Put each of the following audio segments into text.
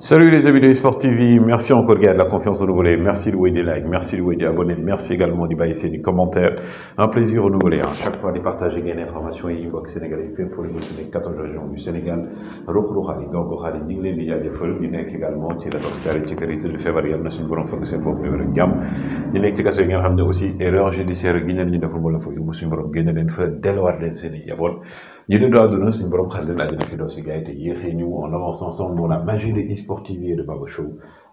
Salut les amis de Sport TV, merci encore gars de la confiance renouvelée, merci louer des likes, merci louer des abonnés, merci également d'y baisser des commentaires, un plaisir renouvelé à hein. chaque fois de partager des informations et inbox sénégalais, fait pour les 14 régions du Sénégal, rox roxali donc xali ñi ngi leen di jaajëfal ñu nekk également ci la hospitalité ci kër yi tudd feebar yàlla na suñu borom fekk seen bopp wér ak jàmm ñu nekk ci kaso yi nga xam aussi erreur judiciaire gi ñu leen ñu defal wala fa yóbbu suñu borom génne leen fa delluwaat leen seen i ñu doit donner suñu borom xel leen àddina fi doon si gars yi ñu yéexee ñu on avance dans la magie des e-sportive et de Baba Show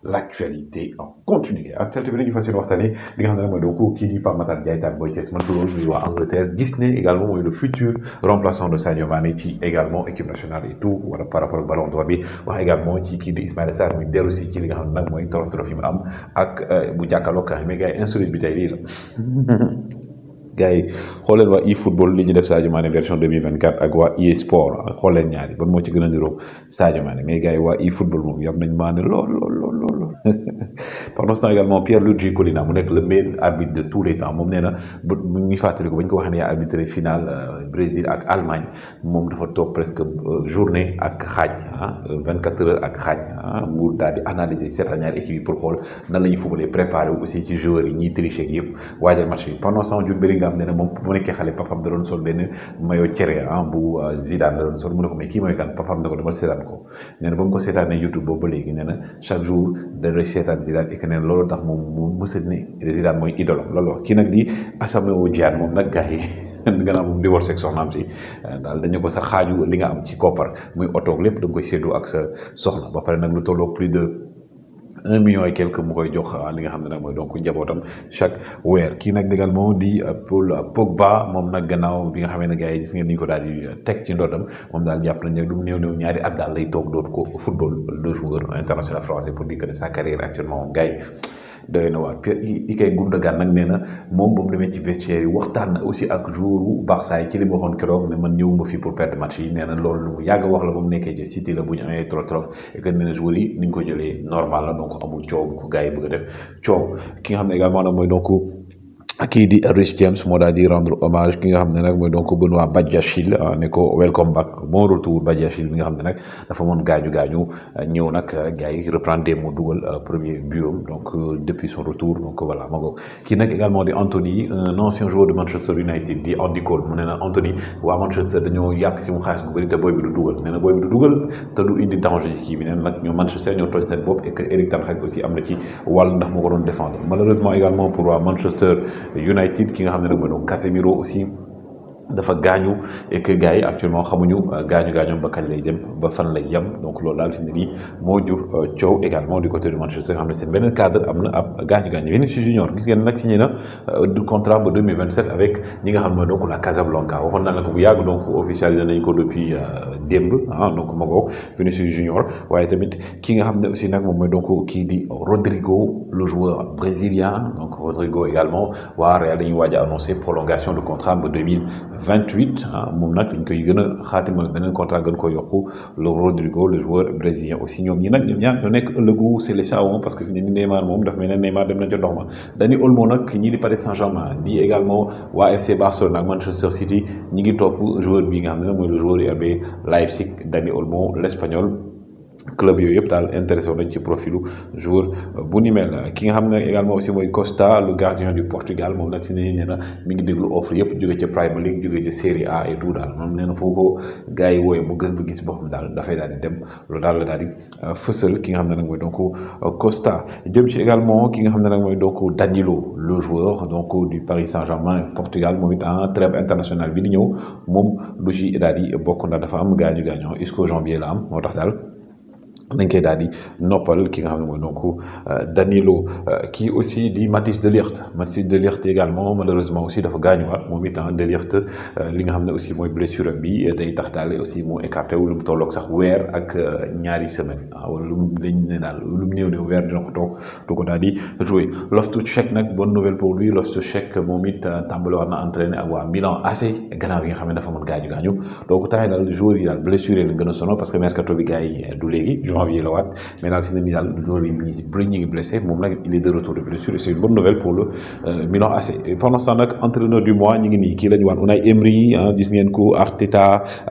l' en continu actualité bi dañu fas waxtané waxtaanee li nga xam ne do ko ki di Pape Matar Diaye Boy man fi loolu wa Angleterre gis également mooy le futur remplaçant de Sadio Mané ci également équipe nationale et tout wala par rapport au ballon d'or bi wax également ci ki di ismaël Sarr muy dellu si ci li nga xam nak nag mooy trophée trophée mu am ak euh, bu jàkkaarloog Karim mais insolite bi tay li la. gay yi wa e football eFootball def Sadio Mané version 2024 ak wa e Sport xool ñaari bon mo ci gëna a Sadio mais gay wa e football mom yam nañ Mané lol lol lol lol pendant ce temps également Pierre-Luigi colina mu nek le meilleur arbitre de tous les temps mom néna na bu ko bañ ko wax final euh, Brésil ak Allemagne mom dafa top presque euh, journée ak xaj 24 ah, heures ak xaj ah mu analyser cette ñaari équipe pour xool nan lañu ñuy footballé aussi ci joueur yi ñi tricher yépp yëpp match yi pendant ce temps nga xam ne ne moom bu nekkee xale papam da doon sol benn maillot cere ah bu ah, Zidane da doon sol mu ne ko mais kii mooy kan papam ne ko demal seetaan ko nee na ba mu ko na chaque jour da doy seetaan na loolu tax moom mu ne Zidane mooy idolam loolu wax kii nag di Asamoah Gyan moom nag gars yi gannaaw moom di war soxnaam si eh, daal dañu ko sa xaaju li nga am ci koppar muy otoog lépp da koy séddoo ak sa soxna ba pare nag lu tolloo plus de un million et quelque mu koy jox ah, li nga xam ne nag mooy donc njabootam chaque weer kii nag moom di euh, Paul euh, Pogba moom nag gannaaw bi nga xamee ne gars yi gis ngeen ni ñu ko daal di euh, teg ci ndoddam moom daal jàpp nañ ne lu mu néew ñaari at daal lay toog doot ko football le joueur international français pour dire que sa carrière actuellement moom gars yi doy na waar Pierre Ikay Gundogan nag nee na moom boobu demee ci vestiaire yi waxtaan na aussi ak joueur Barça yi ci li mu waxoon keroog ne man ñëwuma fi pour perdre match yi nee na loolu lu mu yàgg wax la moom mu nekkee ci City la bu ñu amee trop trop et que nee na joueurs yi ni ñu ko jëlee normal la donc amul coow bu ko gars yi bëgg a def coow ki nga xam ne également nag mooy donc qui dit Rich James moi d'a dit rendre hommage ki nga xam donc Benoît Badiachile ah, ne ko welcome back bon retour Badiachile bi nga xam ne nag dafa moon gaañu gaañu ah, ñëw nag ah, gars reprend des mots premier bureau donc euh, depuis son retour donc voilà ma qui kii également di Anthony un ancien joueur de Manchester United di Andy Cole mu Anthony, ou Anthony Manchester dañoo yak ci mu xaalis bu bëri te booy bi du dugal nee na booy bi du dugal te du indi danger ci bi nee Manchester Nyon tooñ Bob, et que Eric Ten aussi am na ci wàll ndax défendre malheureusement également pour Manchester United Kingham'da bueno Casemiro aussi dafa gaañu et que gars actuellement xamuñu euh, gañu gañum ba kañ lay dem ba fan lay yam donc loolu daal fi mu mo jur euh, ciow également du côté de Manchester nga xam benen cadre amna na gañu gaañu gaañu Vinicius Junior gis ngeen nag signé na euh, du contrat ba 2027 avec ñi nga xam donc la Casablanca waxon na la ko bu yàgg donc officialisé nañ ko depuis demb ah donc Mago. Vinicius Junior waye tamit ki nga xam aussi nak moom donc ki di Rodrigo le joueur brésilien donc Rodrigo également wa Real dañu waaj annoncer prolongation de contrat ba 2000 28 mom nak nag koy gëna a benen contrat gën ko yokku le Rodrigo le joueur brésilien aussi ñom ñi nag ñoom ñaar ñoo c'est les Seleção parce que fini ne ni Neymar moom dafa mel Neymar dem na ci ndox dañi Olmo nak ñi di Paris Saint-Germain di également wa FC Barcelone ak Manchester City ñi ngi top joueur bi nga xam ne mooy le joueur RB Leipzig dañi Olmo l'espagnol club yooyu yëpp daal intéressé woon ci profilu joueur euh, bu ni mel ki nga xam également aussi moy Costa le gardien du Portugal mom nak fi ne nee mi ngi déglu offre yëpp jóge ci Premier League jóge ci Série A et tout dal mom nee foko gaay ko gars yi wooye mu gën ba gis boo dal da fay dal di dem loolu dal dal di feussel ki nga xam nak moy donc euh, Costa jëm ci également ki nga xam nak moy mooy donc Danilo le joueur donc du Paris Saint-Germain Portugal mom it très ah, international. bi di ñëw mom du ci daal di bokk ndax dafa am gaañu gaañoo jusqu'au janvier la am motax dal dañ koy daal di noppal ki nga xam ne donc euh, Danilo euh, qui aussi di Mathis Delirte Mathis Delirte également malheureusement aussi dafa gaañuwaat moom itam Delirte euh, li nga xam aussi mooy blessure bi day tax daal aussi mu écarté wu lu mu tolloog sax weer ak ñaari semaine ah, wala lu mu dañ ne daal lu mu néew ne weer dina ko toog du ko daal di joué bonne nouvelle pour lui Loftus-Cheek moom it tàmbali war na ak waa Milan AC gannaaw yi nga xam ne dafa mon gaañu gaañu donc temps yi daal joueur yi daal blessure yi la gën parce que mercato bi gars du léegi janvier la wat mais dans fi ne nii daal joueurs blessé moom il est de retour de blessure c'est une bonne nouvelle pour le Milan AC pendant ce temps entraîneur du mois ni ngi ni kii la a a Emery gis ngeen ko Arteta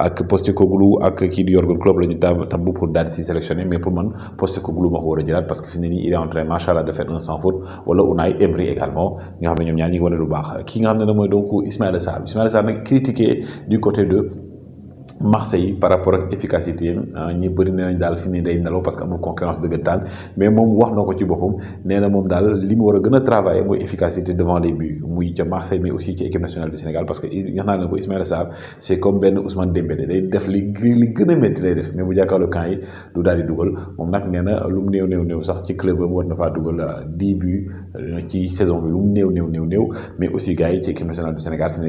ak Postecoglou ak kii di Jürgen Klopp la ñu pour daal si sélectionné mais pour mon Postecoglou ma ko war parce que finalement, il est en train Machallah de faire un sans faute on a Emery également nga xam ne ñoom ñaar ñi ngi wane lu baax ki nga donc Ismaël Sarr Ismaël Sarr critiqué du côté de Marseille par rapport ak efficacité ah, ñi bëri nee nañ daal fi ni day nelaw parce que amul concurrence dëggantaan mais moom wax na ko ci boppam nee moom daal li mu war a gën a travailler mooy efficacité devant les buts muy ca Marseille mais aussi ci équipe nationale du Sénégal parce que ñax naa ne ko Ismaïla Sarr comme benn Ousmane Dembélé day def li li gën a métti lay def mais bu jàkkaarloo camp yi du daal di dugal moom nag nee na lu mu néew néew néew sax ah, euh, saison bi lu mu néew néew néew néew mais aussi gars yi ci équipe nationale du Sénégal fi ne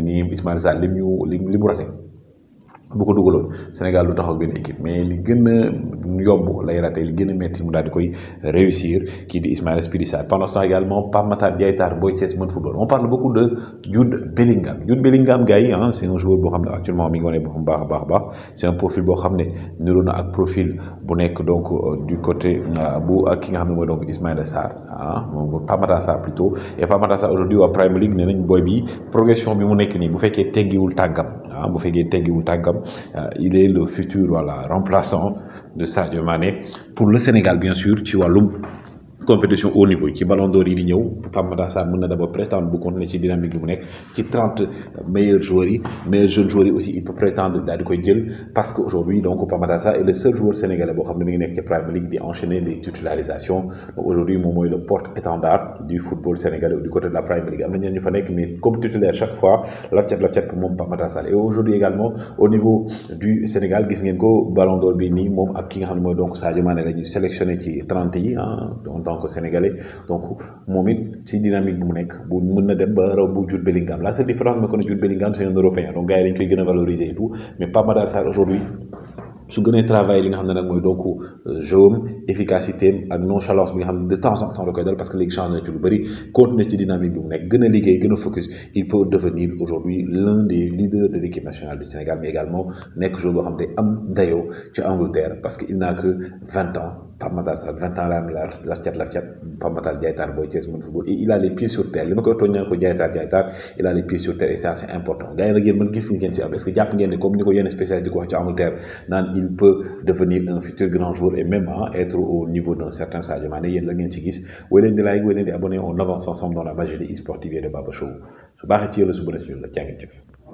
bu ko dugaloon Sénégal lu taxaw benn équipe mais li gën a yomb lay raté li gën a métti mu daal di koy réussir kii di Ismaïla Spiry Sarr pendant ce temps également Pape Matar Diaye Sarr Boy Thiès mën football on parle beaucoup de Jude Bellingham Jude Bellingham gars yi un joueur boo xam ne actuellement mi nga wane boppam baax a baax baax c' est un profil boo xam ne niroo na ak profil bu nekk donc euh, du côté euh, bu ki nga xam ne mooy donc Ismaïla Sarr ah moom Pape Matar Sarr plutôt et Pape Matar Sarr aujourd'hui waa nañ booy bi progression bi mu nekk nii bu fekkee teggiwul tàggam. Euh, il est le futur remplaçant de Sadio Mané pour le Sénégal bien sûr vois walum compétition haut niveau ci ballon d'or yi di pas mal Matar Sarr mën d'abord prétendre bu continuer ci dynamique bi nek ci 30 meilleurs joueurs yi meilleurs jeunes joueurs aussi il peut prétendre dal di koy jël parce que aujourd'hui donc mal Matar ça est le seul joueur sénégalais bo xamné ne mi ngi ci Premier League di enchaîner les titularisations donc aujourd'hui moom le porte-étendard du football sénégalais du côté de la prime League amna ñu fa nek mais comme titulaire chaque fois la lafcat pour moom Pape Matar Sarr et aujourd'hui également au niveau du Sénégal gis ngeen ko ballon d'or bi ni mom ak ki nga xamné moy donc Sadio Mané lañu sélectionné ci trente yi hein, donc franco-sénégalais donc Momit, it ci dynamique bu mu nekk bu mën na ba Jude Bellingham Là, c'est différent, mais que Jude Bellingham c'est un européen donc gars y a koy qui a valoriser et tout mais Pape Matar aujourd'hui su gënee travail li nga xamné nak moy donc euh, jom efficacité am ak nonchalance bi nga de temps en temps la dal parce que les changé na ci lu bëri continuer ci dynamique bi mu nekk gëna liggéey gëna focus il peut devenir aujourd'hui l'un des leaders de l'équipe nationale du Sénégal mais également nekk jour boo xamné am dayo ci Angleterre parce que il n'a que 20 ans pas Matar Sarr 20 ans la la la cat la cat pas Matar Diatar Boy Thiès mën football et il a les pieds sur terre limako togné ko Diatar Diatar il a les pieds sur terre et c'est assez important gars yi gën yéen man gis nga ngeen ci am est-ce que japp ngeen ni comme ni ko spécialiste di ko wax ci Angleterre nan il peut devenir un futur grand joueur et même hein, être au niveau d'un certain Sadio Mané y la ngeen ci gis way leen on avance ensemble dans la magie sportive et de Baba Show su vous ci